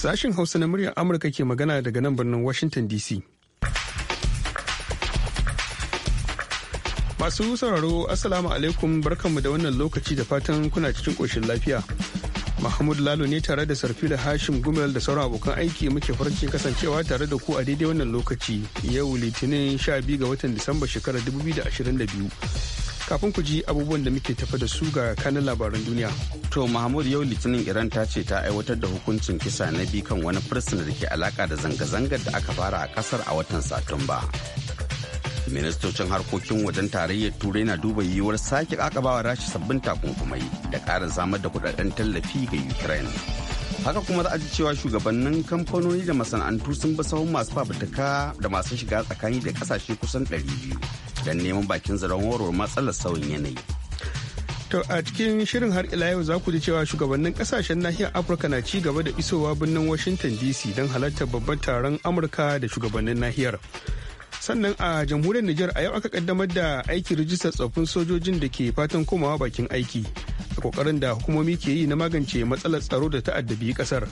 Sashen Hausa na muryar Amurka ke magana daga nan birnin Washington DC. Masu sauraro Assalamu alaikum barkanmu da wannan lokaci da fatan kuna cikin ƙoshin lafiya. Mahmud Lalo ne tare da sarfi da Hashim Gumel da sauran abokan aiki muke farce kasancewa tare da ku a daidai wannan lokaci yau Litinin 12 ga watan Disamba shekarar 2022. kafin ku ji abubuwan da muke tafa da su ga kanin labaran duniya. To Mahmud yau Litinin Iran ta ce ta aiwatar da hukuncin kisa na bi kan wani fursuna da ke alaka da zanga-zangar da aka fara a kasar a watan Satumba. Ministocin harkokin wajen tarayyar Turai na duba yiwuwar sake kakabawa rashi sabbin takunkumai da ƙarin samar da kudaden tallafi ga Ukraine. haka kuma za a ji cewa shugabannin kamfanoni da masana'antu sun ba sahun masu fafutuka da masu shiga tsakani da kasashe kusan 200 don neman bakin zaren warware matsalar sauyin yanayi. To a cikin shirin har ila yau za ku ji cewa shugabannin kasashen nahiyar Afirka na ci gaba da isowa birnin Washington DC don halartar babban taron Amurka da shugabannin nahiyar. Sannan a jamhuriyar Nijar a yau aka kaddamar da aiki rijistar tsoffin sojojin da ke fatan komawa bakin aiki a kokarin da hukumomi ke yi na magance matsalar tsaro da ta'addabi kasar.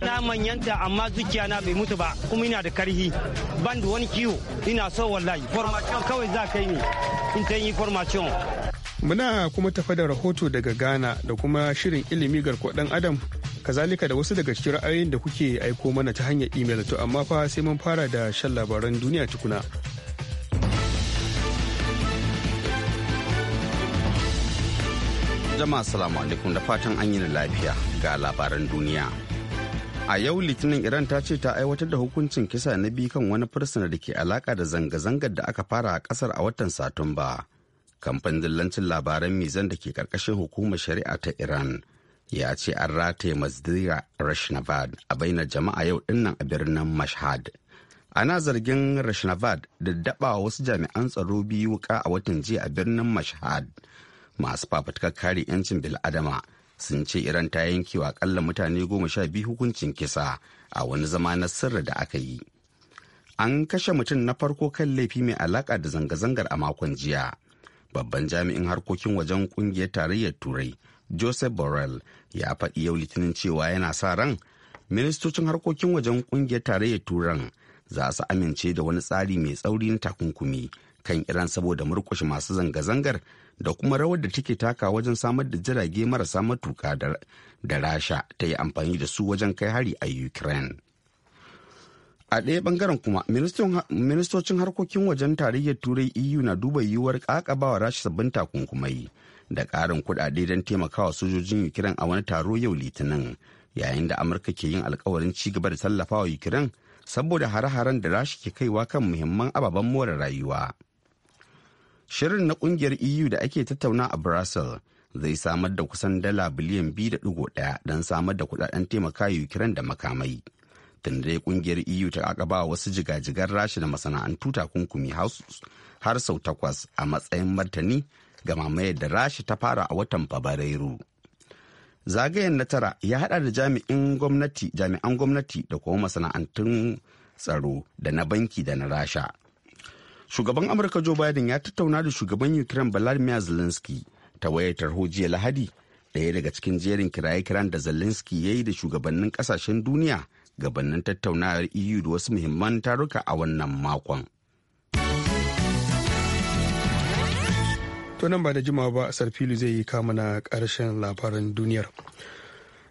na manyanta amma zuciya na bai mutu ba kuma ina da karhi ban da wani kiwo ina so wallahi formation kawai za kai ne in ta yi formation muna kuma tafa da rahoto daga ghana da kuma shirin ilimi garkuwa dan adam kazalika da wasu daga cikin ra'ayoyin da kuke aiko mana ta hanyar imel to amma fa sai mun fara da shan labaran duniya tukuna jama'a salamu alaikum da fatan an yi lafiya ga labaran duniya a yau litinin iran ta ce ta aiwatar da hukuncin kisa na biyu kan wani fursuna da ke alaka da zanga-zangar da aka fara a kasar a watan satumba kamfanin dillancin labaran mizan da ke karkashin hukumar shari'a ta iran ya ce an rataye mazdira rashnavad a bainar jama'a yau dinnan a birnin mashhad ana zargin rashnavad da daba wasu jami'an tsaro biyu wuka a watan jiya a birnin mashhad masu fafutukar kare 'yancin bil'adama sun ce iran ta yanke wa akalla mutane goma sha biyu hukuncin kisa a wani zama na sirri da aka yi an kashe mutum na farko kan laifi mai alaƙa da zanga-zangar a makon jiya babban jami'in harkokin wajen kungiyar tarayyar turai joseph borrell ya faɗi yau litinin cewa yana sa ran ministocin harkokin wajen kungiyar tarayyar turan za su amince da wani tsari mai tsauri na takunkumi kan Iran saboda murkushe masu zanga-zangar da kuma rawar da take taka wajen samar da jirage marasa matuka da Rasha ta yi amfani da su wajen kai hari a Ukraine. A ɗaya bangaren kuma, ministocin harkokin wajen tarayyar Turai EU na duba yiwuwar ƙaƙabawa Rasha sabbin takunkumai da ƙarin kuɗaɗe don taimakawa sojojin Ukraine a wani taro yau Litinin, yayin da Amurka ke yin alkawarin ci gaba da tallafawa Ukraine saboda hare-haren da Rasha ke kaiwa kan muhimman ababen more rayuwa. Shirin na kungiyar EU da ake tattauna a Brussels zai samar da kusan dala biliyan 2.1 don samar da kudaden taimaka Ukraine da makamai. Tun dai kungiyar EU ta akaba wasu jigajigar rashi da masana'antu takunkumi har sau takwas a matsayin martani ga mamayar da rashi ta fara a watan Fabrairu. Zagayen na tara ya hada da gwamnati jami'an gwamnati da kuma masana'antun tsaro da na banki da na rasha shugaban amurka joe biden ya tattauna da shugaban ukraine vladimir zelensky ta wayar tarho jiya lahadi ɗaya daga cikin jerin kiraye-kiran da zelensky ya yi da shugabannin kasashen duniya gabanin tattaunawar eu da wasu muhimman taruka a wannan makon to nan ba da jimawa ba sarfilu zai yi kama na ƙarshen labaran duniyar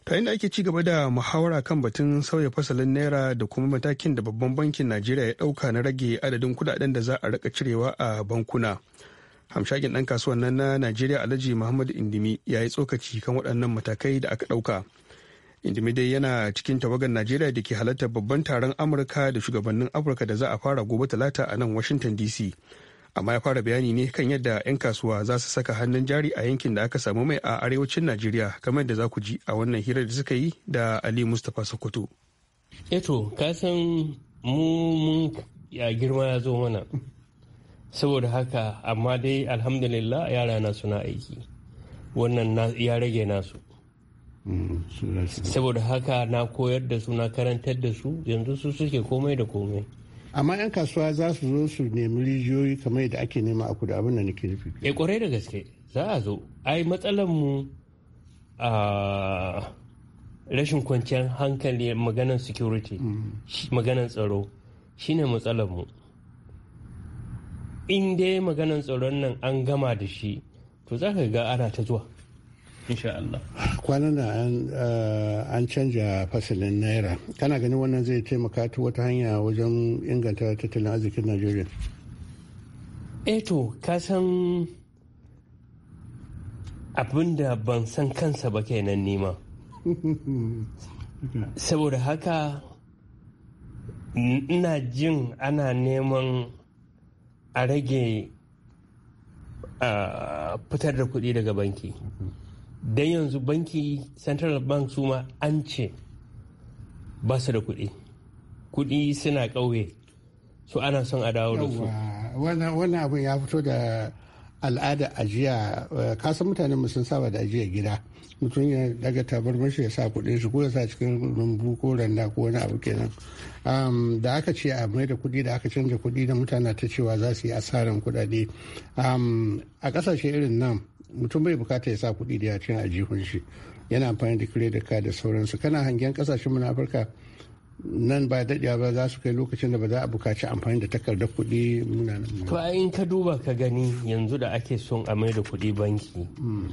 yayin da ake ci gaba da muhawara kan batun sauya fasalin naira da kuma matakin da babban bankin najeriya ya dauka na rage adadin kudaden da za a rika cirewa a bankuna hamshakin dan kasuwan nan na najeriya alhaji muhammadu indimi ya yi tsokaci kan waɗannan matakai da aka dauka indimi dai yana cikin tawagar najeriya da ke halartar babban taron amurka da shugabannin afirka da za a fara gobe talata a nan washington dc amma ya fara bayani ne kan yadda 'yan kasuwa za su saka hannun jari a yankin da aka samu mai a arewacin najeriya kamar da za ku ji a wannan hirar da suka yi da ali mustapha sokoto eto eh ka san mu mun ya girma ya zo mana saboda haka amma dai alhamdulillah yara na suna aiki wannan ya rage nasu mm, saboda haka na koyar da su na karantar da su yanzu su suke komai da komai amma 'yan kasuwa za su zo su nemi rijiyoyi kamar yadda ake nema a kudu abin da nake nufi e kwarai eh, da gaske za a zo ai matsalar mu a rashin kwanciyar hankali maganar security maganar tsaro shine matsalar mu in dai maganar tsaron nan an gama da shi to za ka ga ana ta zuwa insha kwanan da eh, an canja fasalin naira kana ganin wannan zai taimaka ta wata hanya wajen inganta tattalin arzikin najeriya eto eh ka san abin da ban san kansa ba kenan nima saboda haka ina jin ana neman a rage eh, fitar da kuɗi daga banki mm-hmm. don yanzu banki central bank su ma an ce ba su da kuɗi kuɗi suna ƙauye su ana son a dawo da su wannan abu ya fito da al'ada ajiya eh, kasan mutane sun saba da ajiya gida mutum ya daga tabarmar shi ya sa kuɗin shi ko ya sa cikin rumbu ko randa ko wani abu kenan da aka ce a mai da kuɗi da aka canza kuɗi da mutane ta cewa za su yi asarar kuɗaɗe a ƙasashe irin nan mutum bai bukata ya sa kuɗi da ya a ajihun shi yana amfani da credit card da sauransu kana hangen kasashen mu na afirka nan ba daɗewa ba za su kai lokacin da ba za a bukaci amfani da takardar kuɗi muna nan to in ka duba ka gani yanzu da ake son a mai da kuɗi banki hmm.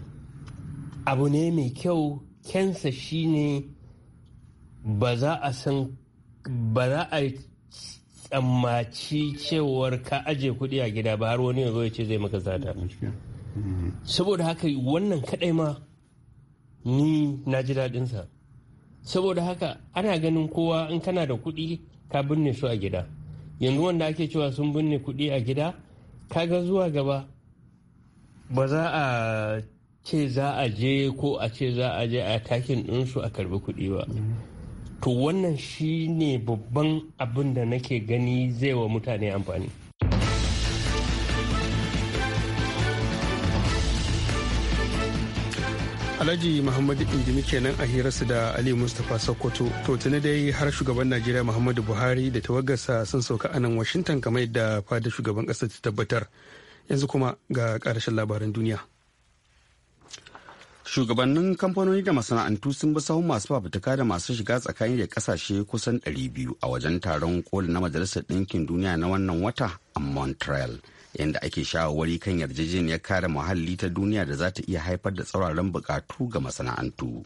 abu ne mai kyau kensa shine ba za a san ba za a tsammaci cewar ka aje kuɗi a gida ba har wani ya zo ya ce zai maka sata hmm. saboda haka wannan kadai ma ni na ji daɗinsa saboda haka ana ganin kowa in kana da kuɗi ka binne su a gida yanzu wanda ake cewa sun binne kuɗi a gida ka ga zuwa gaba ba za a ce za a je ko a ce za a je a takin ɗinsu a karbi kuɗi ba to wannan shi ne babban abin da nake gani zai wa mutane amfani. alhaji muhammadu indimi kenan a hirarsu da ali mustapha sokoto to tuni dai har shugaban najeriya muhammadu buhari da tawagarsa sun sauka anan washington kamar yadda fada shugaban kasa ta tabbatar yanzu kuma ga karshen labaran duniya shugabannin kamfanoni da masana'antu sun bi sahun masu fafutuka da masu shiga tsakani da kasashe kusan 200 a wajen taron koli na majalisar ɗinkin duniya na wannan wata a montreal yadda ake shawarwari kan yarjejeniyar kare muhalli ta duniya da za ta iya haifar da tsauraran bukatu ga masana'antu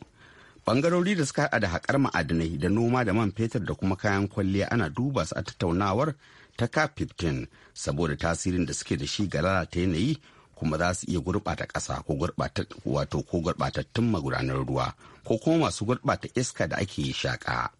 bangarori da suka hada da haƙar ma'adinai da noma da man fetur da kuma kayan kwalliya ana duba su a tattaunawar ta cap 15 saboda tasirin da suke da shi ga lalata yanayi kuma za su iya gurɓata ƙasa ko wato ko gurɓatattun magudanar ruwa ko kuma masu gurɓata iska da ake shaƙa.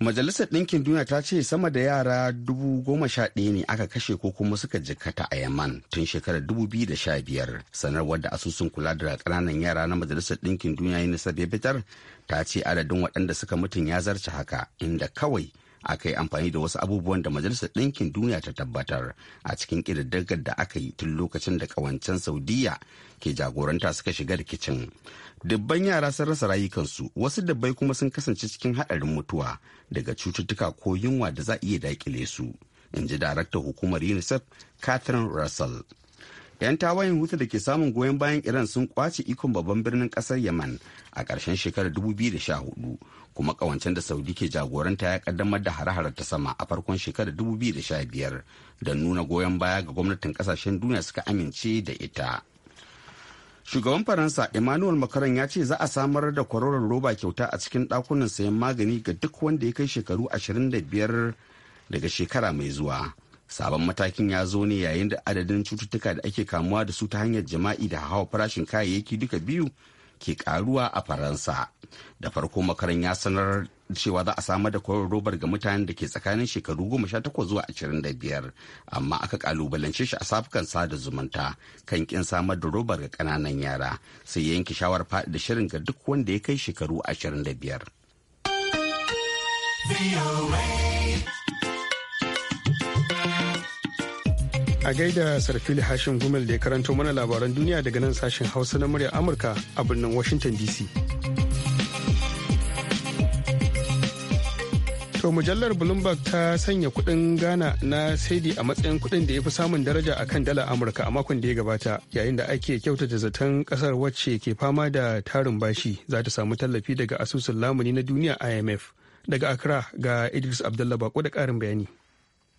Majalisar Ɗinkin Duniya ta ce sama da yara dubu goma sha ɗaya ne aka kashe ko kuma suka jikkata a Yaman tun shekarar dubu biyu da sha biyar. Sanarwar da asusun kula da ƙananan yara na Majalisar Ɗinkin Duniya ya nisa fitar ta ce adadin waɗanda suka mutum ya zarce haka inda kawai aka yi amfani da wasu abubuwan da majalisar ɗinkin duniya ta tabbatar a cikin ƙididdigar da aka yi tun lokacin da ƙawancen saudiyya ke jagoranta suka shiga rikicin dubban yara sun rasa rayukansu wasu dabbai kuma sun kasance cikin haɗarin mutuwa daga cututtuka ko yunwa da za a iya daƙile su in ji daraktar hukumar unicef catherine russell 'yan tawayen hutu da ke samun goyon bayan iran sun kwace ikon babban birnin kasar yaman a ƙarshen shekarar 2014 kuma kawancen da saudi ke jagoranta ya kaddamar da hare-hare ta sama a farkon shekarar 2015 da nuna goyon baya ga gwamnatin kasashen duniya suka amince da ita shugaban faransa emmanuel macron ya ce za a samar da kwaroron roba kyauta a cikin dakunan sayan magani ga duk wanda ya kai shekaru 25 daga shekara mai zuwa sabon matakin ya zo ne yayin da adadin cututtuka da ake kamuwa da su ta hanyar jima'i da hawa farashin kayayyaki duka biyu ke karuwa a faransa da farko makaran ya sanar cewa za a samar da kwarin robar ga mutanen da ke tsakanin shekaru goma sha takwas zuwa ashirin da biyar amma aka kalubalance shi a safukan sada zumunta kan kin samar da robar ga kananan yara sai yanke shawar faɗi da shirin ga duk wanda ya kai shekaru ashirin da biyar. a gaida sarfili hashin gumel da ya karanto mana labaran duniya daga nan sashen hausa na murya amurka a birnin washington dc to mujallar bloomberg ta sanya kudin ghana na saidi a matsayin kudin da ya fi samun daraja a kan dala amurka a makon da ya gabata yayin da ake kyautata zaton kasar wacce ke fama da tarin bashi za ta samu tallafi daga asusun lamuni na duniya imf daga accra ga idris abdullah bako da karin bayani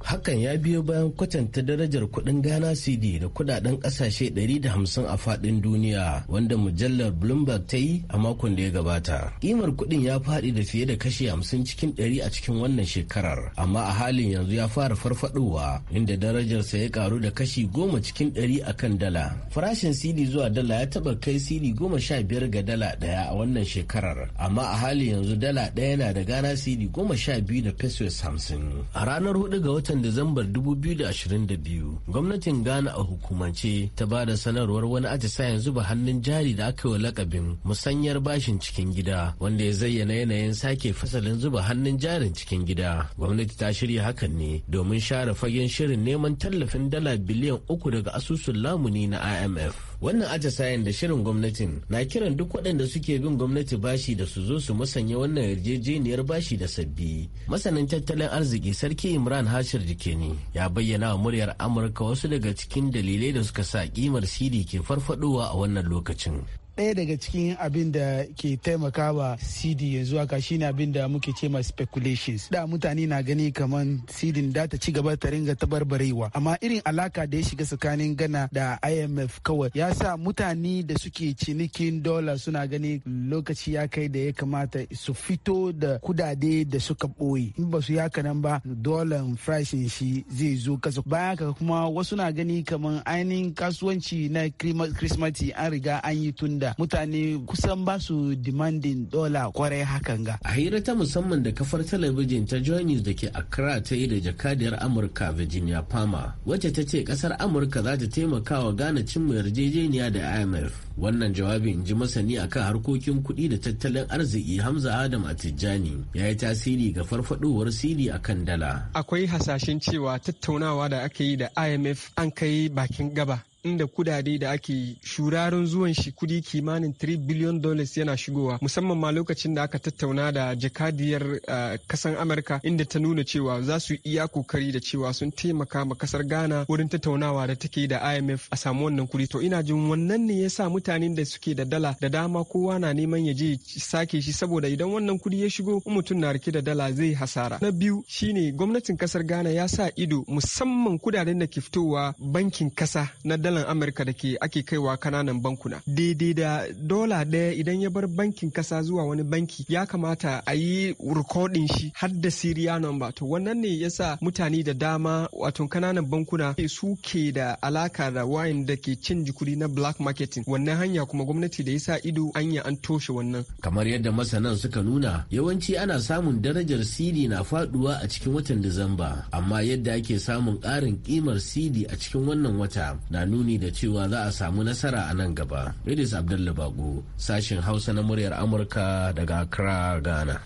Hakan ya biyo bayan kwatanta darajar kuɗin Ghana CD da kuɗaɗen ƙasashe 150 a faɗin duniya wanda mujallar Bloomberg ta yi a makon da ya gabata. Kimar kuɗin ya faɗi da fiye da kashi 50 cikin 100 a cikin wannan shekarar, amma a halin yanzu ya fara farfaɗowa, inda darajarsa ya ƙaru da kashi 10 cikin 100 kan dala. Farashin CD zuwa dala ya taɓa kai CD 15 ga dala ɗaya a wannan shekarar, amma a halin yanzu dala ɗaya na da Ghana CD 12 da pesos 50. A ranar 4 ga watan Disambar 2022 gwamnatin Ghana a hukumance ta ba da sanarwar wani atisayen zuba hannun jari da aka yi lakabin musanyar bashin cikin gida wanda ya zayyana yanayin sake fasalin zuba hannun jarin cikin gida. Gwamnati ta shirya hakan ne domin share fagen shirin neman tallafin dala biliyan uku daga asusun lamuni na IMF. wannan atisayen da shirin gwamnatin na kiran duk waɗanda suke bin gwamnati bashi da su zo su musanya wannan yarjejeniyar bashi da sabbi masanin tattalin arziki sarki imran hashir jikeni ya bayyana wa muryar amurka wasu daga cikin dalilai da suka sa kimar sidi ke farfadowa a wannan lokacin ɗaya daga cikin abin da ke taimakawa cd yanzu haka shine abin da muke ce ma speculations da mutane na gani kamar cd da ta ci gaba ta ringa tabarbarewa amma irin alaka da ya shiga tsakanin gana da imf kawai ya sa mutane da suke cinikin dola suna gani lokaci ya kai da ya kamata su fito da kudade da suka ɓoye in ba su yaka nan ba dolan farashin shi zai zo kasa bayan ka kuma wasu na gani kamar ainihin kasuwanci na kirismati an riga an yi tun da da mutane kusan ba su demanding dola kwarai hakan ga. A hira ta musamman da kafar talabijin ta Joy News da ke Accra ta yi da jakadiyar Amurka Virginia Palmer wacce ta ce kasar Amurka za ta taimaka wa gane cin yarjejeniya da IMF. Wannan jawabin ji masani akan harkokin kuɗi da tattalin arziki Hamza Adam a Tijjani ya yi tasiri ga farfadowar sili akan dala. Akwai hasashen cewa tattaunawa da aka yi da IMF an kai bakin gaba inda kudade da ake shurarin zuwan shi kudi kimanin 3 billion dollars yana shigowa musamman ma lokacin da aka tattauna da jakadiyar eh, kasan amurka inda ta nuna cewa za su iya kokari da cewa sun taimaka ma kasar ghana wurin tattaunawa da take da imf a samu wannan kudi to ina jin wannan ne ya sa mutanen da suke da dala da dama kowa na neman ya je sake shi saboda idan wannan kudi ya shigo mutum na rike da dala zai hasara na biyu shine gwamnatin kasar ghana ya sa ido musamman kudaden da ke fitowa bankin kasa na dala dalan amurka da ke ake kaiwa kananan bankuna daidai da dola daya idan ya bar bankin kasa zuwa wani banki ya kamata a yi rikodin shi har da siriya number to wannan ne yasa mutane da dama wato kananan bankuna su ke da alaka da wayan da ke cin jikuri na black marketing wannan hanya kuma gwamnati da yasa ido anya an toshe wannan kamar yadda masanan suka nuna yawanci ana samun darajar cd na faduwa a cikin watan disamba amma yadda ake samun ƙarin kimar cd a cikin wannan wata na nuna nuni da cewa za a samu nasara a nan gaba. Idris Abdullah Bago, sashen Hausa na muryar Amurka daga Accra, Ghana.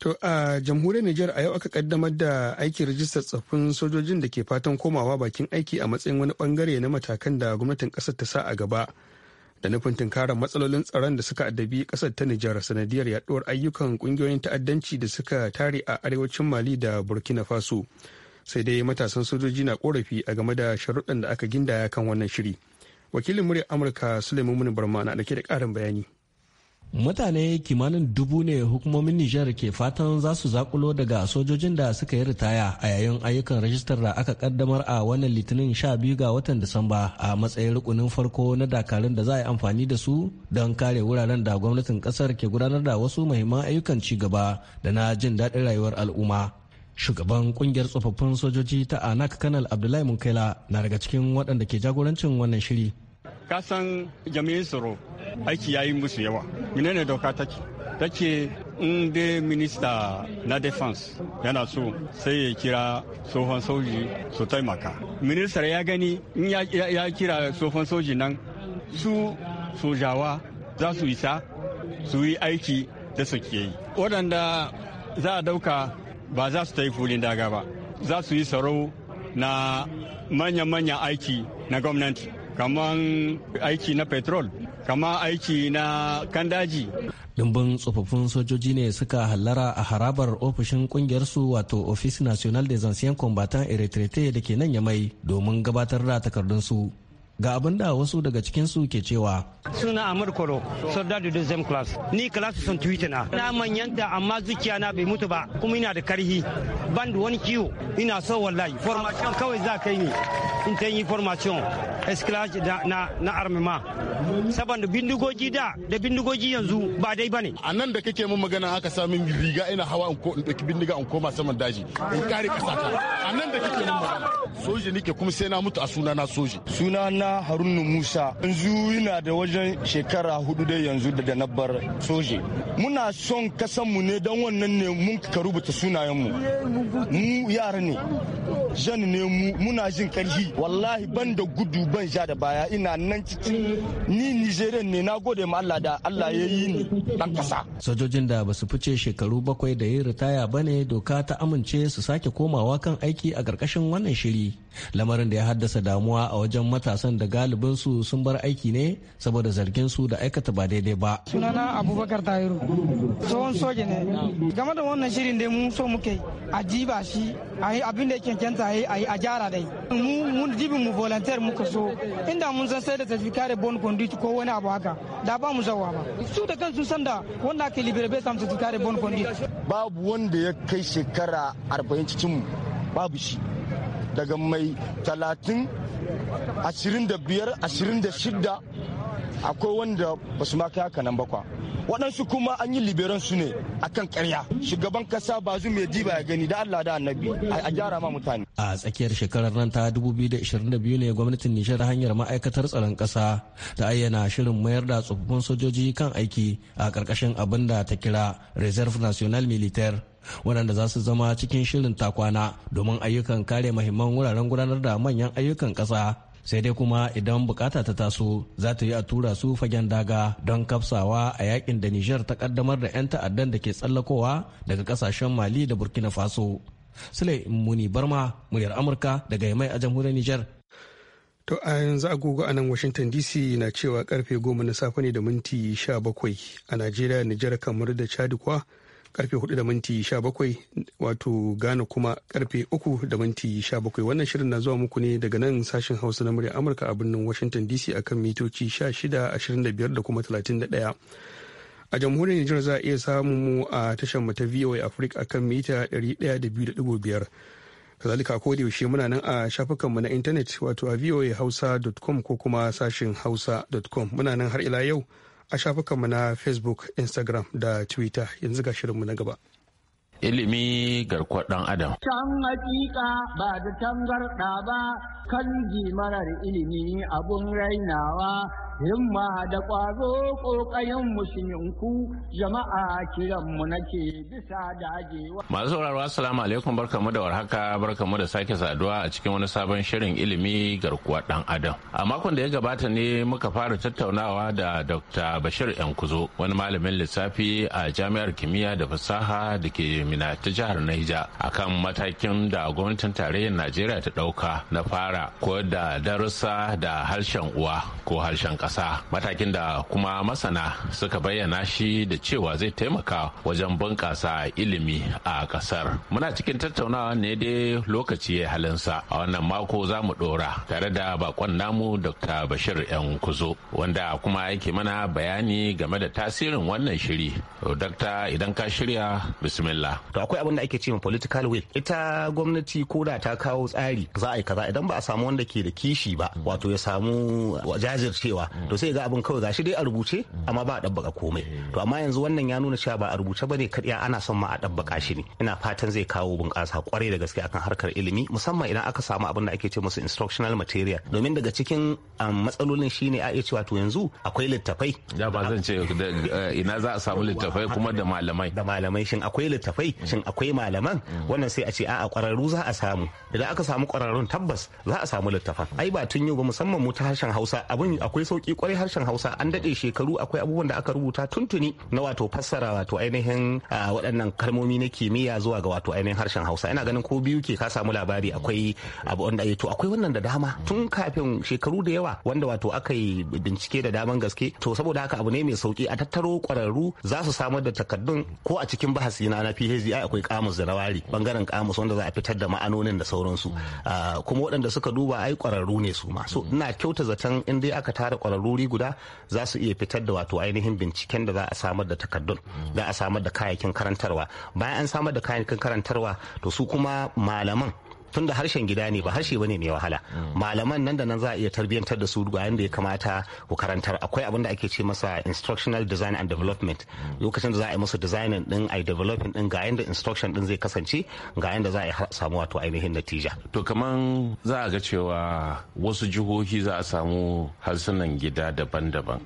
To a jamhuriyar Nijar a yau aka kaddamar da aikin rijistar tsaffin sojojin da ke fatan komawa bakin aiki a matsayin wani bangare na matakan da gwamnatin kasar ta sa a gaba da nufin tunkarar matsalolin tsaron da suka addabi kasar ta Nijar sanadiyar yaduwar ayyukan kungiyoyin ta'addanci da suka tare a arewacin Mali da Burkina Faso. sai dai matasan sojoji na korafi a game da sharuɗan da aka gindaya kan wannan shiri wakilin muryar amurka suleiman munin barma na dake da ƙarin bayani mutane kimanin dubu ne hukumomin nijar ke fatan za su zakulo daga sojojin da suka yi ritaya a yayin ayyukan rajistar da aka kaddamar a wannan litinin 12 ga watan disamba a matsayin rukunin farko na dakarun da za a yi amfani da su don kare wuraren da gwamnatin kasar ke gudanar da wasu mahimman ayyukan ci gaba da na jin daɗin rayuwar al'umma shugaban kungiyar tsofaffin sojoji ta anak kanal abdullahi munkaila na daga cikin waɗanda ke jagorancin wannan shiri kasan jami'in tsaro aiki ya yi musu yawa menene doka take take in dai minista na defense yana so sai ya kira tsohon soji su taimaka ministar ya gani in ya kira tsohon soji nan su sojawa za su isa su yi aiki da suke yi waɗanda za a dauka ba za su ta yi kulin daga ba za su yi tsaro na manya manya aiki na gwamnati kamar aiki na petrol kama aiki na kandaji. Dimbin tsofaffin sojoji ne suka hallara a harabar ofishin kungiyarsu wato Office National des Anciens Combattants et Retraités da ke nan yamai domin gabatar da takardun su. ga abin da wasu daga cikin su ke cewa suna amur koro soldado da zem class ni class sun twitter na na manyanta amma zuciya na bai mutu ba kuma ina da karhi ban wani kiwo ina so wallahi formation kawai za kai ni in ta yi formation esclage na, na armima saboda bindigogi da da bindigogi yanzu ba dai bane a nan da kake mun magana aka sami riga ina hawa in ko in daki bindiga in koma saman daji in kare kasa ta a nan da kake mun magana soji nike kuma sai na mutu a suna na soji suna na harun musa yanzu ina da wajen shekara hudu dai yanzu da da nabar soji muna son kasan mu ne don wannan ne mun ka rubuta sunayen mu yara ne jan ne mu muna jin karhi wallahi ban da gudu ban sha da baya ina nan cikin ni nigerian ne na gode ma allah da allah ya yi ni dan kasa sojojin da basu fice shekaru bakwai da yin ritaya bane doka ta amince su sake komawa kan aiki a ƙarƙashin wannan shiri lamarin da ya haddasa damuwa a wajen matasan da galibin su sun bar aiki ne saboda zargin su da aikata ba daidai ba sunana abubakar tahiru tsohon soja ne game da wannan shirin da mun so muke a jiba shi a yi abin da kenta a yi a gyara dai mu jibin mu volunteer muka so inda mun san sai da certificate bon conduit ko wani abu haka da ba mu zawa ba su da kansu san da wanda ake libere bai samu certificate bon conduit babu wanda ya kai shekara 40 cikin mu babu shi daga mai talatin 25 da biyar ashirin da shida. akwai wanda ba su ma haka nan ba kwa waɗansu kuma an yi liberan su ne akan karya shugaban kasa ba zu mai diba ya gani da Allah da annabi a gyara ma mutane a tsakiyar shekarar nan ta 2022 ne gwamnatin Nijar hanyar ma'aikatar tsaron kasa ta ayyana shirin mayar da tsofaffin sojoji kan aiki a karkashin abin da ta kira reserve national militaire waɗanda za su zama cikin shirin takwana domin ayyukan kare muhimman wuraren gudanar da manyan ayyukan ƙasa sai dai kuma idan bukata ta taso za ta yi a tura su fagen daga don kafsawa a yakin da nijar ta kaddamar da 'yan ta'addan da ke tsallakowa daga kasashen mali da burkina faso sule muni barma muryar amurka daga yamai a jamhuriyar nijar to a yanzu agogo a nan washington dc na cewa karfe goma na safe ne da minti 17 bakwai a najeriya nijar kamar da chad karfe 4 da minti 17 wato Ghana kuma karfe 3 da minti 17 wannan shirin na zuwa muku ne daga nan sashen Hausa na murya Amurka a birnin Washington DC akan mitoci 16, 25 da kuma 31. a jamhuriyar Nijar za a iya samun mu a tashar mu ta VOA Africa akan mita 102.5 kazalika ko da yaushe muna nan a shafukanmu na intanet wato a voahausa.com ko kuma sashin hausa.com muna nan har ila yau a shafukanmu na facebook instagram da twitter yanzu ga shirinmu na gaba ilimi garkuwar dan adam. Can hakika ba da tangarɗa ba kan marar ilimi abun rainawa himma da ƙwazo ƙoƙayen musulunku jama'a kiranmu nake bisa dajewa. Masu sauraro assalamu alaikum barkamu da warhaka barkamu da sake saduwa a cikin wani sabon shirin ilimi garkuwar dan adam. A makon da ya gabata ne muka fara tattaunawa da Dr. Bashir Yankuzo wani malamin lissafi a jami'ar kimiyya da fasaha da ke Mina ta jihar Naija akan matakin da gwamnatin tarayyar Najeriya ta ɗauka na fara ko da darussa da harshen uwa ko harshen ƙasa. Matakin da kuma masana suka bayyana shi da cewa zai taimaka wajen bunƙasa ilimi a ƙasar. Muna cikin tattaunawa ne dai lokaci ya halinsa a wannan mako za mu ɗora tare da bakon namu Dr. Bashir 'yan kuzo wanda kuma yake mana bayani game da tasirin wannan shiri. Dokta idan ka shirya bismillah. to akwai abin da ake cewa political will ita gwamnati ko da ta kawo tsari za a yi kaza idan ba a samu wanda ke da kishi ba wato ya samu jajircewa to sai ga abin kawai gashi dai a rubuce amma ba a dabbaka komai to amma yanzu wannan ya nuna cewa ba a rubuce bane kadiya ana son ma a dabbaka shi ne ina fatan zai kawo bunƙasa kwarai da gaske akan harkar ilimi musamman idan aka samu abin da ake ce musu instructional material domin daga cikin um, matsalolin shine a iya cewa to yanzu akwai littafai da ba zan ce eh, ina za a samu littafai kuma da malamai da malamai shin akwai littafai littattafai shin akwai malaman wannan sai a ce a'a kwararru za a samu idan aka samu kwararrun tabbas za a samu littafan ai ba tun yau ba musamman mu ta harshen Hausa abin akwai sauki kwarai harshen Hausa an dade shekaru akwai abubuwan da aka rubuta tuntuni na wato fassara wato ainihin waɗannan kalmomi na kimiyya zuwa ga wato ainihin harshen Hausa ina ganin ko biyu ke ka samu labari akwai abu wanda ya to akwai wannan da dama tun kafin shekaru da yawa wanda wato aka yi bincike da daman gaske to saboda haka abu ne mai sauki a tattaro kwararru za su samar da takaddun ko a cikin bahasi na na hezi akwai kamus da rawari bangaren kamus wanda za a fitar da ma'anonin da sauransu ah, kuma waɗanda suka duba ai kwararru ne su ma so mm-hmm. ina kyauta zaton in dai aka tara kwararru guda za su iya fitar da wato ainihin binciken da za a samar da takardun mm-hmm. za a samar da kayayyakin karantarwa bayan an samar da kayayyakin karantarwa to su kuma malaman tunda harshen gida ne ba harshe bane mai wahala malaman nan da nan za a iya tarbiyantar da su bayan da ya kamata ku karantar akwai abin da ake ce masa instructional design and development lokacin da za a yi musu designing din a developing din ga yanda instruction din zai kasance ga yanda za a samu wato ainihin natija to kaman za a ga cewa wasu jihohi za a samu harsunan gida daban-daban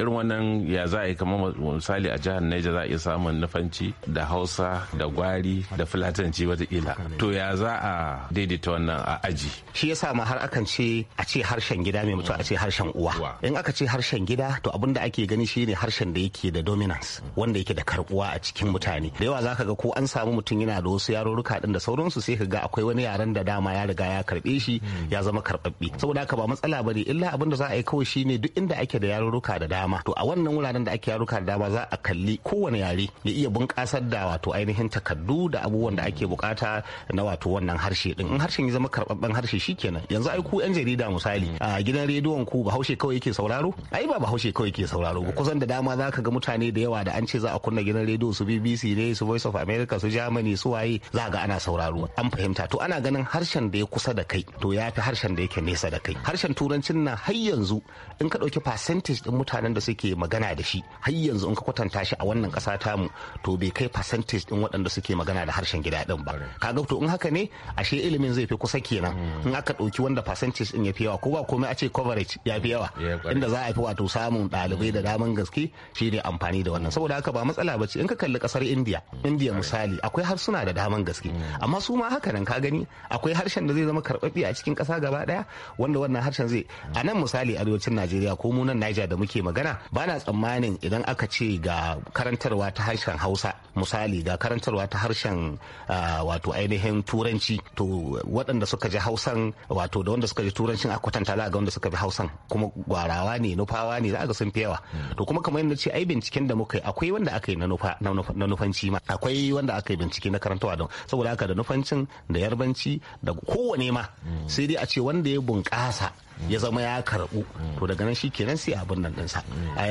irin wannan ya za a yi kamar misali a jihar Niger za a iya samun nufanci da Hausa da Gwari da Fulatanci wata ila to ya za a daidaita wannan a aji shi yasa ma har akan ce a ce harshen gida mai mutu a ce harshen uwa in aka ce harshen gida to abin da ake gani shi ne harshen da yake da dominance wanda yake da karbuwa a cikin mutane da yawa zaka ga ko an samu mutum yana da wasu yarurruka din da sauransu sai ka ga akwai wani yaren da dama ya riga ya karbe shi hmm. ya zama karbabbe saboda haka ba matsala bane illa abin da za a yi kawai shine duk inda ake da yarurruka da dama to a wannan wuraren da ake yarurruka da dama za a kalli kowane yare ya iya bunƙasar da wato ainihin takardu da abubuwan da ake bukata na wato wannan harshe harshe din in harshen ya zama karbabben harshe shikenan yanzu ai ku yan jarida misali a gidan rediyon ku bahaushe kawai yake sauraro ai ba bahaushe kawai yake sauraro ba kusan da dama zaka ga mutane da yawa da an ce za a kunna gidan rediyo su BBC ne su Voice of America su Germany su waye za ga ana sauraro an fahimta to ana ganin harshen da ya kusa da kai to ya fi harshen da yake nesa da kai harshen turancin na har yanzu in ka ɗauki percentage din mutanen da suke magana da shi har yanzu in ka kwatanta shi a wannan ta mu to bai kai percentage din waɗanda suke magana da harshen gida din ba kaga to in haka ne ashe ce ilimin zai fi kusa kenan mm. in aka ɗauki wanda percentage in ya fi yawa ko ba komai a ce coverage ya fi yawa inda za a fi wato samun ɗalibai da daman gaske shi ne amfani da wannan saboda haka ba matsala ba in ka kalli kasar india mm. india misali akwai harsuna da daman gaske mm. amma su ma haka nan ka gani akwai harshen da zai zama karɓaɓɓe a cikin ƙasa gaba ɗaya wanda wannan harshen zai a nan misali arewacin najeriya ko mu nan niger da muke magana ba na tsammanin idan aka ce ga karantarwa ta harshen hausa misali ga karantarwa ta harshen ah, wato ainihin turanci to waɗanda suka ji hausan wato da wanda suka ji turancin a kwatanta za ga wanda suka bi hausan kuma gwarawa ne nufawa ne za ga sun fi yawa to kuma kamar yadda ce ai binciken da muka yi akwai wanda aka yi na nufanci ma akwai wanda aka yi bincike na karantawa don saboda haka da nufancin da yarbanci da kowane ma sai dai a ce wanda ya bunƙasa ya zama ya karɓu to daga nan shi kenan sai abin nan ɗinsa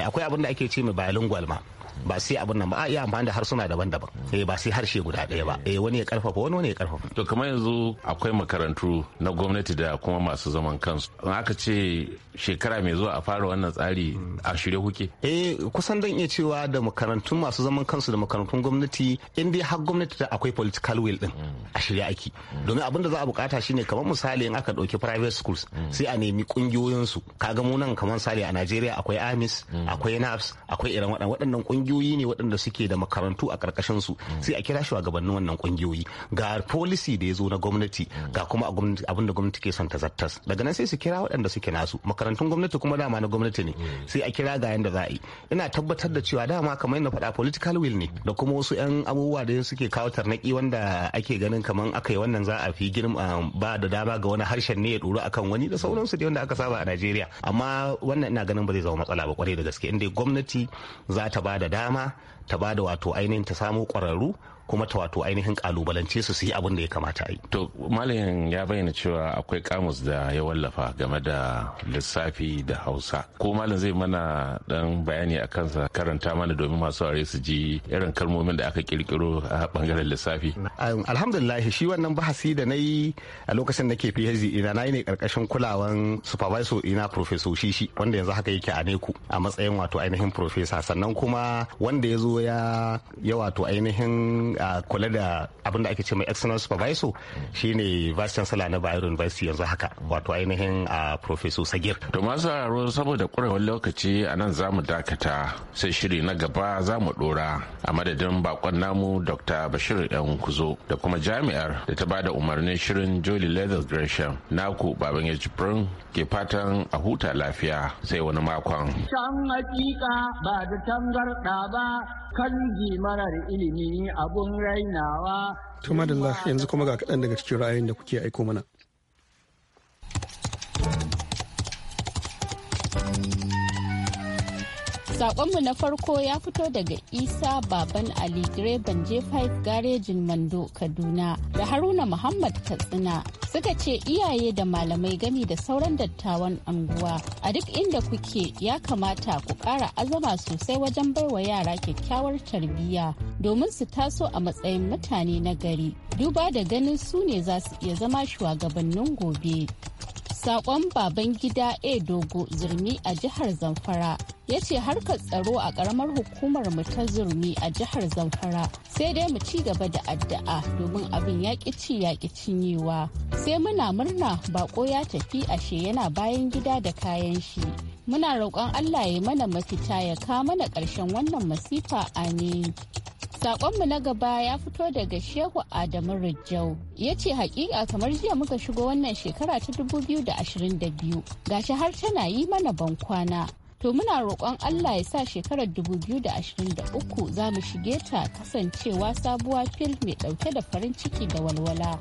akwai abin da ake ce mai bilingual ma ba sai abin nan ba a iya amfani da harsuna daban-daban eh ba sai harshe guda ɗaya ba eh wani ya karfafa wani wani ya karfafa to kamar yanzu akwai makarantu na gwamnati da kuma masu zaman kansu in aka ce shekara mai zuwa a fara wannan tsari a shirye kuke eh kusan dan iya cewa da makarantun masu zaman kansu da makarantun gwamnati in dai har gwamnati da akwai political will din a shirye ake domin abin da za a bukata shine kamar misali in aka dauki private schools sai a nemi kungiyoyin su kaga mu nan kamar misali a Najeriya akwai AMIS akwai NAFS akwai irin waɗannan kungiyoyi kungiyoyi ne waɗanda suke da makarantu a ƙarƙashin su sai a kira shugabannin wannan kungiyoyi ga policy da ya zo na gwamnati ga kuma abin da gwamnati ke son ta zattas daga nan sai su kira waɗanda suke nasu makarantun gwamnati kuma dama na gwamnati ne sai a kira ga yanda za a yi ina tabbatar da cewa dama kamar yadda faɗa political will ne da kuma wasu 'yan abubuwa da suke kawo tarnaki wanda ake ganin kamar aka yi wannan za a fi girma ba da dama ga wani harshen ne ya ɗoru akan wani da sauransu dai wanda aka saba a Najeriya amma wannan ina ganin ba zai zama matsala ba kwarai da gaske inda gwamnati za ta ba da dama ta ba da wato ainihin ta samo ƙwararru kuma ta wato ainihin kalubalance su su yi abin da ya kamata yi. To malamin ya bayyana cewa akwai kamus da ya wallafa game da lissafi da Hausa. Ko malam zai mana dan bayani a kansa karanta mana domin masu aure su ji irin kalmomin da aka kirkiro a bangaren lissafi. Alhamdulillah shi wannan bahasi da na yi a lokacin da ke PhD ina na yi ne karkashin kulawan supervisor ina professor Shishi wanda yanzu haka yake a Neku a matsayin wato ainihin professor sannan kuma wanda ya zo ya wato ainihin a kula da abin da ake ce mai external supervisor shine vice chancellor na Bayero University yanzu haka wato ainihin a professor Sagir to masu sauraro saboda kurewar lokaci a nan za mu dakata sai shiri na gaba za mu dora a madadin bakon namu Dr. Bashir Dan Kuzo da kuma jami'ar da ta bada umarnin shirin Jolly Leather Gresham naku baban ya jibrin ke fatan a huta lafiya sai wani makon can hakika ba da tangarda ba kan marar ilimi abu abun rainawa. Tuma yanzu kuma ga kaɗan daga cikin ra'ayin da kuke aiko mana. Sakonmu na farko ya fito daga Isa Baban Ali Direban J5 Garejin Mando Kaduna da Haruna Muhammad Katsina suka ce iyaye da malamai gami da sauran dattawan anguwa a duk inda kuke ya kamata ku kara azama sosai wajen baiwa yara kyakkyawar tarbiyya domin su taso a matsayin mutane na gari duba da ganin su ne za su iya zama shugabannin gobe. Sakon baban gida A Dogo Zurmi a jihar Zamfara ya ce harkar tsaro a karamar hukumar mu ta Zurmi a jihar Zamfara sai dai mu ci gaba da addu'a domin abin ya ci ya cinyewa. Sai muna murna bako ya tafi ashe yana bayan gida da kayan shi. Muna roƙon Allah ya mana mafita ya ka mana ƙarshen wannan masifa a Sakonmu na gaba ya fito daga Shehu Adamu Rijau. Ya ce hakika kamar jiya muka shigo wannan shekara ta ga shi har tana yi mana bankwana. To muna roƙon Allah ya sa shekarar uku za mu shige ta kasancewa sabuwa fil mai ɗauke da farin ciki da walwala.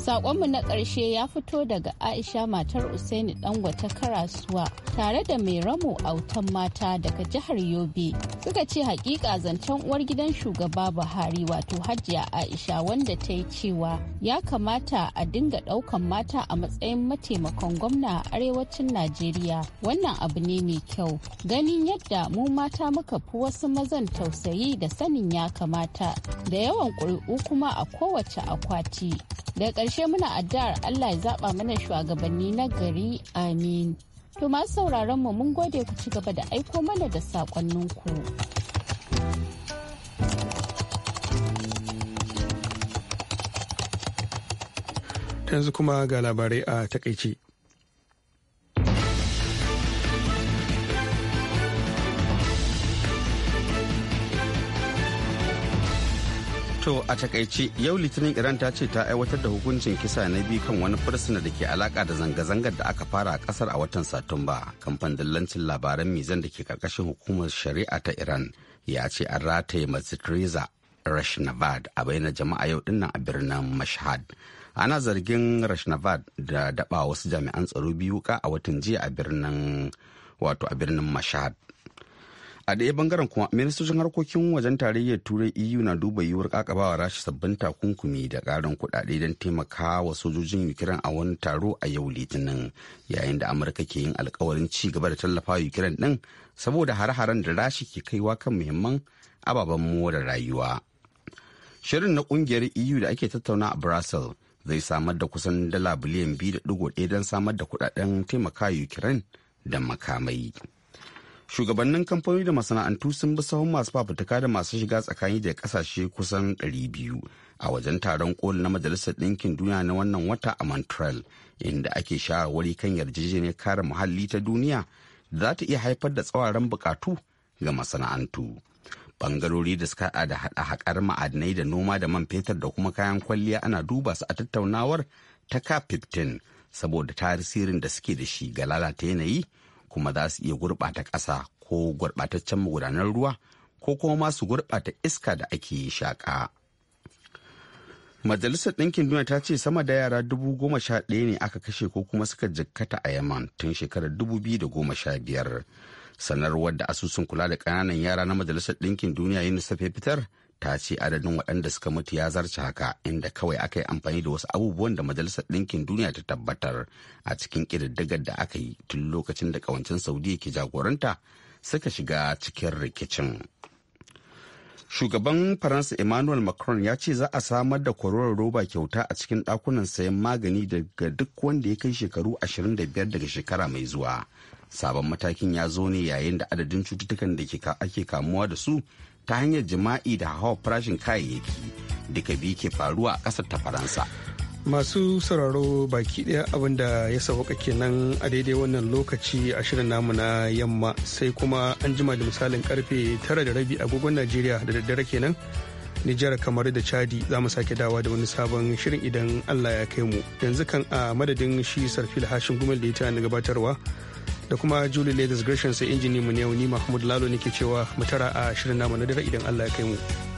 Sakonmu na ƙarshe ya fito daga Aisha matar Usaini wata Karasuwa tare da mai ramo autan mata daga jihar Yobe. Suka ce hakika zancen uwar gidan shugaba Buhari wato Hajiya Aisha wanda ta yi cewa ya kamata a dinga ɗaukan mata a matsayin mataimakon gwamna a arewacin Najeriya. Wannan abu ne mai kyau. Ganin yadda mu mata muka fi wasu mazan tausayi da sanin ya kamata da yawan ƙuri'u kuma a kowace akwati. Da karshe muna addu'ar Allah ya zaɓa mana shugabanni na gari amin. To masu sauraron mu mun gode ku ci gaba da aiko mana da ku Yanzu kuma ga labarai a takaice. To a takaice yau litinin Iran ta ce ta aiwatar da hukuncin kisa na biyu kan wani fursuna da ke alaka da zanga-zangar da aka fara a kasar a watan Satumba. Kamfan dillancin labaran mizan da ke karkashin hukumar shari'a ta Iran ya ce an rataye masu Teresa Rashnavad a bayyana jama'a yau dinnan a birnin Mashhad. Ana zargin Rashnavad da daba wasu jami'an tsaro biyu ka a watan jiya a birnin wato a birnin Mashhad. a ɗaya bangaren kuma ministocin harkokin wajen tarayyar turai eu na duba yiwuwar kakabawa rashi sabbin takunkumi da ƙarin kuɗaɗe don taimaka wa sojojin ukraine a wani taro a yau litinin yayin da amurka ke yin alkawarin ci gaba da tallafa ukraine ɗin saboda har-haren da rashi ke kaiwa kan muhimman ababen more rayuwa shirin na ƙungiyar eu da ake tattauna a brussels zai samar da kusan dala biliyan biyu da 2.1 don samar da kuɗaɗen taimaka ukraine da makamai. shugabannin kamfanoni da masana'antu sun bi sahun masu fafutuka da masu shiga tsakani da kasashe kusan 200 a wajen taron koli na majalisar ɗinkin duniya na wannan wata a montreal inda ake shawarwari kan yarjejeniyar kare muhalli ta duniya za ta iya haifar da tsawaran bukatu ga masana'antu bangarori da suka da haɗa haƙar ma'adinai da noma da man fetur da kuma kayan kwalliya ana duba su a tattaunawar ta cap 15 saboda tasirin da suke da shi ga lalata yanayi kuma za su iya gurɓata ƙasa ko gurɓataccen magudanar ruwa ko kuma masu gurɓata iska da ake shaƙa. Majalisar Ɗinkin Duniya ta ce sama da yara dubu goma sha ɗaya ne aka kashe ko kuma suka jikkata a Yaman tun shekarar dubu biyu da goma sha biyar. Sanarwar da asusun kula da ƙananan yara na Majalisar Ɗinkin Duniya yin ya fitar ta ce adadin waɗanda suka mutu ya zarce haka inda kawai aka yi amfani da wasu abubuwan da majalisar ɗinkin duniya ta tabbatar a cikin ƙididdigar da aka yi tun lokacin da ƙawancin saudiya ke jagoranta suka shiga cikin rikicin shugaban faransa emmanuel macron ya ce za a samar da kwaroron roba kyauta a cikin ɗakunan sayan magani daga duk wanda ya kai shekaru 25 daga shekara mai zuwa sabon matakin ya zo ne yayin da adadin cututtukan da ake kamuwa da su ta hanyar jima'i da hawa farashin kayayyaki duka biyu ke faruwa a ƙasar ta faransa masu sauraro baki ɗaya da ya sauka kenan a daidai wannan lokaci a shirin namu na yamma sai kuma an jima da misalin karfe tara da rabi agogon najeriya da daddare kenan nijar kamar da chadi za mu sake dawa da wani sabon shirin idan allah ya kai mu yanzu kan a madadin shi sarfil hashin gumel da ya ta gabatarwa da kuma Julie Ladies Gresham sai injini mu ne Mahmud Lalo ke cewa mu tara a shirin namu na dare idan Allah ya kai mu.